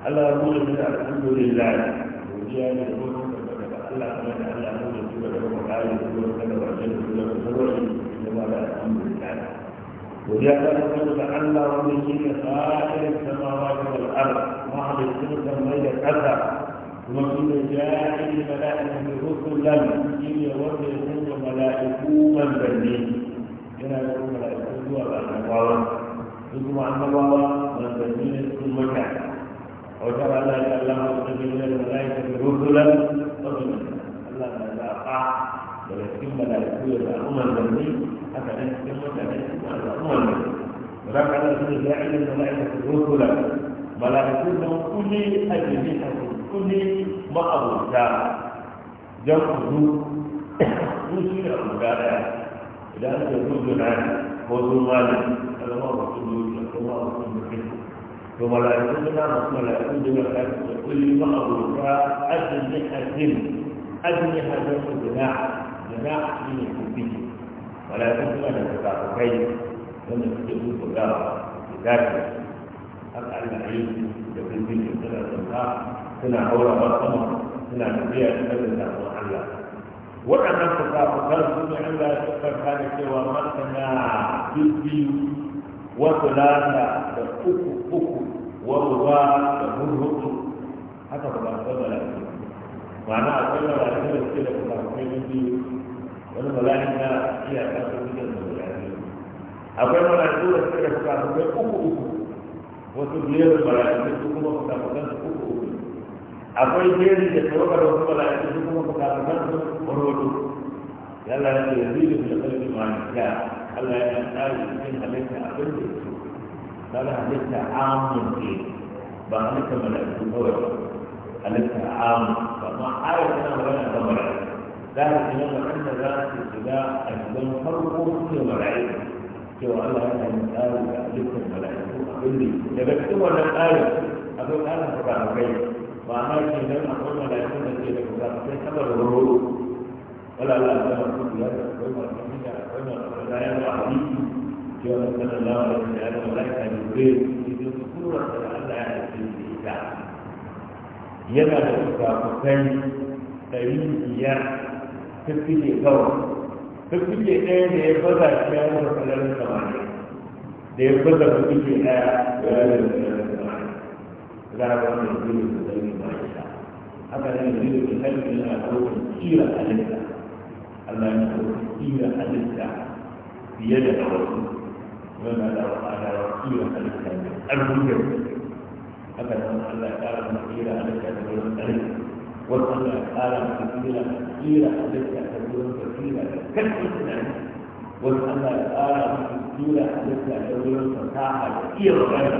على قول الحمد لله وجاء لهم الله سبحانه وتعالى أمر الجبل وقال الحمد لله وجعل منك أن ربك سائر السماوات والأرض وعلى السلطة من الأثر ومن جاء الملائكة رسلا إن يود يكون ملائكوما بنين إلى يكون ملائكوما بنين ثم أن الله من بنين ثم كان وترى الله تعالى من الملائكة رسلا ومن الله تعالى بل يكون ملائكوما بنين haka nan cikin mutane su ba da kuma za ka da su da ya ilin mala'ikatu rusula mala'iku da kulli ajmi'a kulli ma'abuta jam'u su shi ne abu da daya idan aka rusula ko zuwa ne kalmar rusulu da kuma rusulu a ملائكة ملائكة كل ما أبوها a أجنحة جناح جناح من الكبير sun suna da kai wanda suke bubbuga da dace haka Allah yi da bindin suna sauka suna haura ba sama suna tafiya da da sabon Allah waɗannan kan su ne Allah ya tabbata da cewa masana biyu wasu lata da uku uku wa da hurhutu haka ba ba da ba ma'ana akwai da ba da suke da biyu wani mala'ika iya kasar gidan da guda biyu akwai mala'iku da suka fuka fukai uku uku wasu biyar da mala'iku su kuma fuka fukan su uku uku akwai jeri da tawagar wasu mala'iku su kuma fuka fukan su hudu yalla ya ce yanzu da kalbi ma ya Allah ya tsari cikin halitta abin da yake kada halitta amun ne ba halitta mala'iku kawai ba halitta amun ba ma ayar tana magana ta mala'iku ذلك لما عند ذلك الابتداء أيضا فرق في الملائكة سوى الله أن المسألة تألف الملائكة لي لبكتم ولا الآية أقول أنا فرع بيت وأنا أجل أن أقول ملائكة التي لكتاب في هذا الغرور ولا لا لا أقول لك أقول لك أقول لك أقول لك أقول لك أقول لك أقول لك أقول لك أقول لك أقول لك أقول لك fiffike gawa fiffike ɗaya da ya baza shi ya mura sararin samani da ya baza fiffike ɗaya da ya yi sararin samani za a wani zuru da zai ba shi ta haka ne zuru da zai yi na ɗaukar tsira halitta Allah ya ɗaukar tsira halitta fiye da na wasu yana da wa'adawa tsira halitta ne an rubuta haka nan Allah ya ƙara tsira halitta da wurin halitta والله آلام كثيرة كثيرة حدثت أتدور كثيرة كثيرة والله آلام كثيرة حدثت أتدور فتاحة كثيرة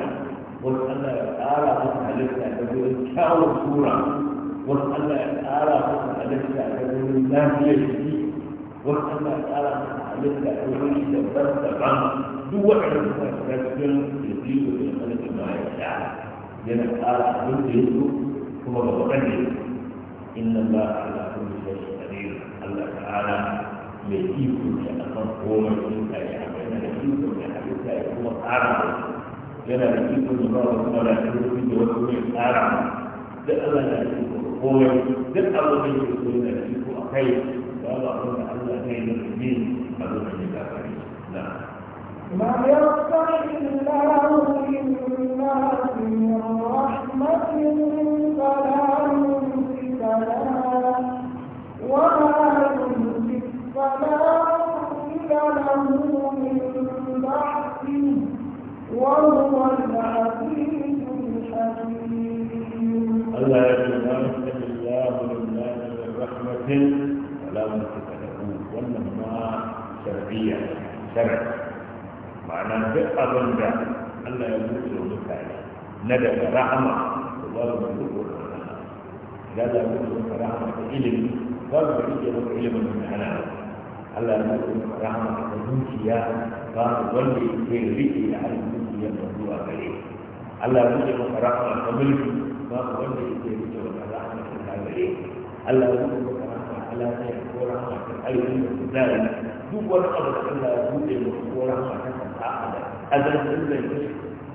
والله آلام حدثت أتدور كاو صورة والله آلام حدثت أتدور لا يجري جديدة آلام حدثت أتدور دبر دبر دو وعد فتاكل يزيد من خلق ما يشاء لأن آلام حدثت أتدور ثم بقدر إن الله على كل شيء قدير الله تعالى يجيبك أكثر قوة منك يا أنا يجيبك يا حبيبك يا هو أعلم لنا يجيبك الله ولا يجيبك ولا أعلم ده الله لا يجيبك قوة ده الله يا يجيبك لا يجيبك أخير فأنا أقول الله خير الدين أقول لك لا ما يرفع الله منا من رحمة فلا na daga rahama da babu mutu da rahama da ilimi babu da yake wani ilimin da hana Allah ya mutu rahama da zuciya babu wanda yake riƙe da halin zuciya da zuwa gare Allah ya mutu maka rahama da mulki babu wanda yake riƙe da rahama da gare Allah ya mutu maka rahama Allah ya yi ko rahama da ayyukan da kuzari duk wani abu da Allah ya buɗe maka ko rahama ta fasaha da azantin da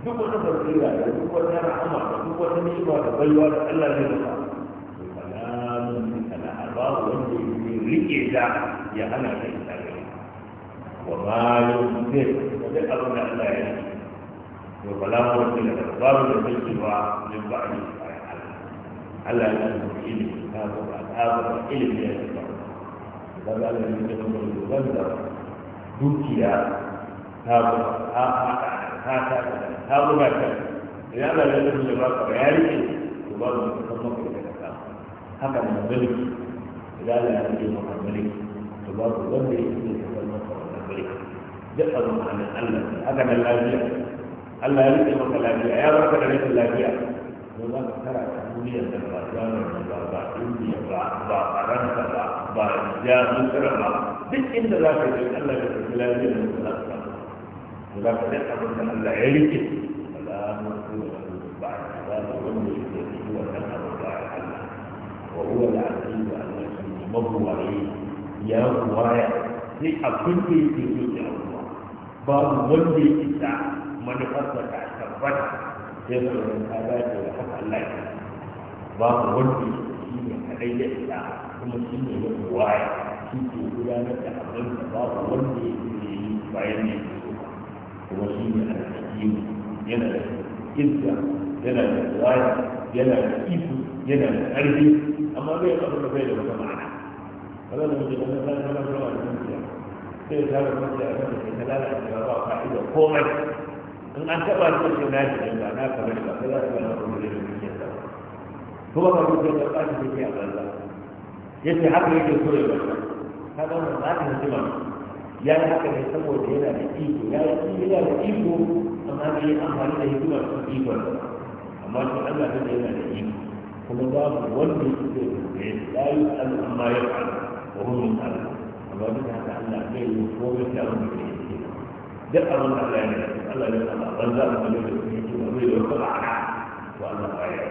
duk wani basira da duk wani rahama da duk wani ni'ima da baiwa da Allah ya maka rike ta ya hana ta gari wa malum zai da duk da Allah ya yi to bala mu ne da babu da zai cewa min ba ni Allah ya yi ilimi ta ko ba ta ba ilimi ya ba da ba da ni da mun da dukiya ta ba ta ta ta ta ba ta idan Allah ya yi da ba ka yi to babu da kuma ka haka ne mulki لا لا يجوز محملك فبعض الوضع يجوز تكلمك ومحملك دقة معنى الله هذا اللاجئ الله يجوز مك اللاجئ يا رب كذلك اللاجئ ولا ترى تقولي أن الرجال والنبابة إني بأرنك بأرجاء مكرمة بس إن لا تجد الله يجوز اللاجئ المتنصر ولا تدقة معنى الله يجوز فلا مرسول بعد هذا الوضع يجوز هو النهر وهو العزيز mabuwaye ya buwaya sai a da yake so ya ruwa ba wanda ya isa manufarsa ta tabbata ta dace da haka Allah ya wanda ne kadai ya kuma shi ne ya shi ke gudanar da abin da wanda ya kuma shi ne yana da izza yana da buwaya yana da iko yana da ƙarfi amma bai abin da bai da wata ma'ana wani da mutum na zai zama a cikin mutum sai ya zama mutum a kan da ke kalala da a ba fa'ida komai in an taɓa su ce na shi ba na kamar ba sai za su gana kuma da mutum da. kuma ba mutum ya ba shi mutum a banza yace haka yake so ya bata ka ga za ka hijima ya yi haka ne saboda yana da iko ya yi yana da iko amma bai yi amfani da hikima su ikon amma shi Allah ne yana da iko kuma babu wanda yake da ya yi tsayi Allah amma ya وهم مسألة الله بتاعت الله كيف وهو يتعلم بكيف ده أمر الله يعلم الله يسأل رزاق الله يسأل ومن يرفع عنه وأنا غير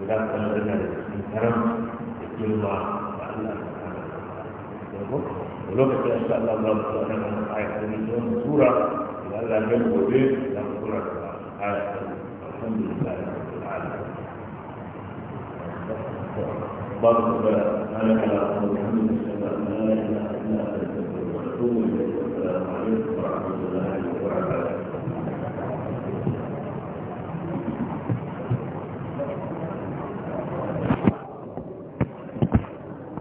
وذلك أنا لنا من كرم يقول الله تعالى ولو كنت أشاء الله الله سبحانه وتعالى آية من يوم سورة لألا جنب وبيت لأن سورة آية الحمد لله رب العالمين بارك الله على محمد صلى الله عليه وسلم